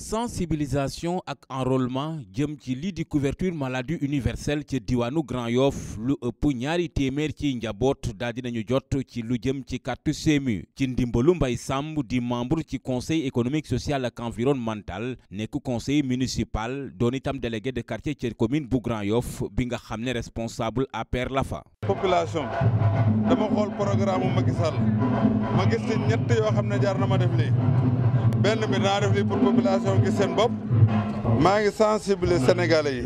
sensibilisation ak enrôlement jëm ci li di couverture maladie universelle ci Diwanou Grand Yoff lu ëpp ñaari téeméer ci njaboot daal dinañu jot ci lu jëm ci carte CMU ci ndimbalu Mbaye Samb di membre ci conseil économique social et environnemental nekk conseil municipal don itam délégué de quartier ci commune bu Grand Yoff bi nga xamné ne responsable APR la fa. population dama xol programme Macky Sall ma gis ci ñett yo xamné ne na ma def lii. benn bi naa def lii pour population gis seen bopp maa ngi sensibiliser sénégalais yi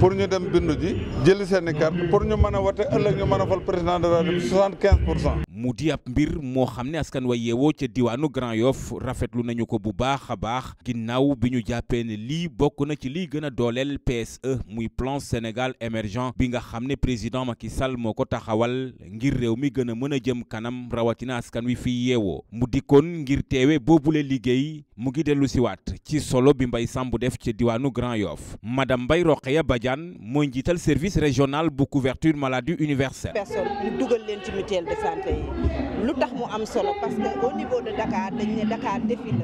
pour ñu dem bindu ji jëli seen i carte pour ñu mën a wote ëllëg ñu mën a fal président de la soixante quinze pour cent mu di ab mbir moo xam ne askan wa yeewoo ca diwaanu Grand Yoff rafetlu nañu ko bu baax a baax ginnaaw bi ñu jàppee ne lii bokk na ci lii gën a dooleel PSE muy plan Sénégal émergent bi nga xam ne président Macky Sall moo ko taxawal ngir réew mi gën a mën a jëm kanam rawatina askan wi fi yeewoo mu dikkoon ngir teewe boobule liggéey mu ngi dellu siwaat ci solo bi Mbaye Samb def ci diwaanu Grand Yoff madame Mbaye Rokhaya Badiane mo njital service régional bu couverture maladie universelle. personne ñu dugal len ci mutuelle de santé yi lu tax mu am solo parce que au niveau de Dakar dañ né Dakar défi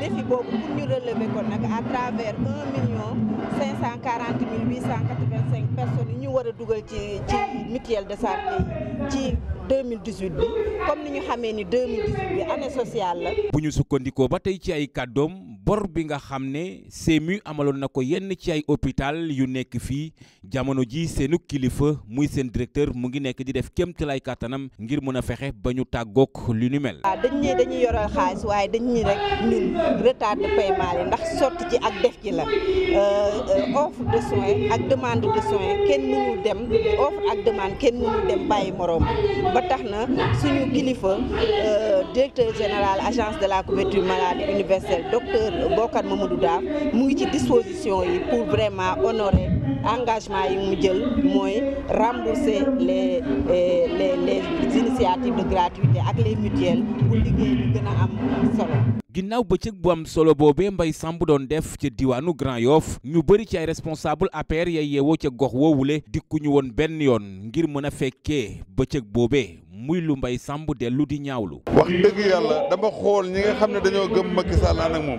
la défi boobu pour ñu relever kon nak à travers 1 million cinq cent personnes ñu wara a ci ci mutuelle de santé ci. 2018 bi comme ni ñu xamee ni 2018 bi année sociale la. bu ñu sukkandikoo ba tey ci ay kàddoom. bor bi nga xam ne CMU amaloon na ko yenn ci ay hôpital yu nekk fii jamono ji seenu kilifa muy seen directeur mu ngi nekk di def kéemtalaay kàttanam ngir mën a fexe ba ñu tàggook lu ñu mel. waaw dañ ne dañuy yoral xaalis waaye dañ ñi rek ñun retard de paiement li ndax sotti ci ak def ci la euh, euh, offre de soins ak demande de soins kenn mënul dem offre ak demande kenn mënul dem bàyyi moroom ba tax na suñu kilifa euh, directeur général agence de la couverture maladie universelle Bocar Mamadou Daaf mu ngi ci disposition yi pour vraiment honorer engagement yi mu jël mooy rembourser les eh, les les initiatives de gratuité ak les mutuelles pour liggéey bi gën a am solo. ginnaaw bëccëg bu am solo boobee mbay Samb doon def ca diwaanu Grand yoof ñu bëri ci responsable APR ya yeewoo ca gox woowule dikkuñu woon benn yoon ngir mën a fekkee bëccëg boobe muy lu mbay sàmb dellu di ñaawlu. wax dëgg yàlla dama xool ñi nga xam ne dañoo gëm Macky Sall ànd moom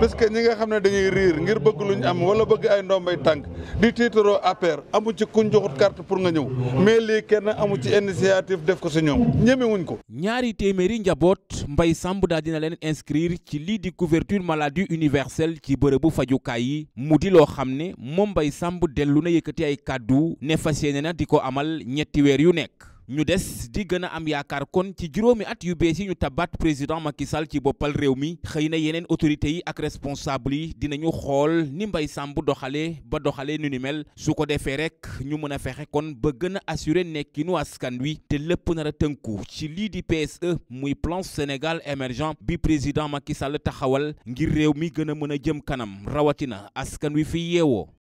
parce que ñi nga xam ne dañuy riir ngir bëgg luñ am wala bëgg ay ndombay tànk di tiitaroo APR amu ci kuñ joxut carte pour nga ñëw mais lii kenn amu ci initiative def ko si ñoom ñemewuñ ko. ñaari téeméeri njaboot mbay sàmb daal dina leen inscrire ci lii di couverture maladie universelle ci bërëbu fajukaay yi mu di loo xam ne moom mbay sàmb dellu na yëkkati ay kàddu ne fas yéene na di ko amal ñetti weer yu nekk. ñu des di gën a am yaakaar kon ci juróomi at yu bees yi ñu tabaat président Macky Sall ci boppal réew mi xëy na yeneen autorités yi ak responsable yi dinañu xool ni mbay Samb doxalee ba doxalee nu ni mel su ko defee rek ñu mën a fexe kon ba gën a assurer nekkinu askan wi te lépp nar a tënku ci lii di PSE muy plan Sénégal émergent bi président Macky Sall taxawal ngir réew mi gën a mën a jëm kanam rawatina askan wi fi yeewoo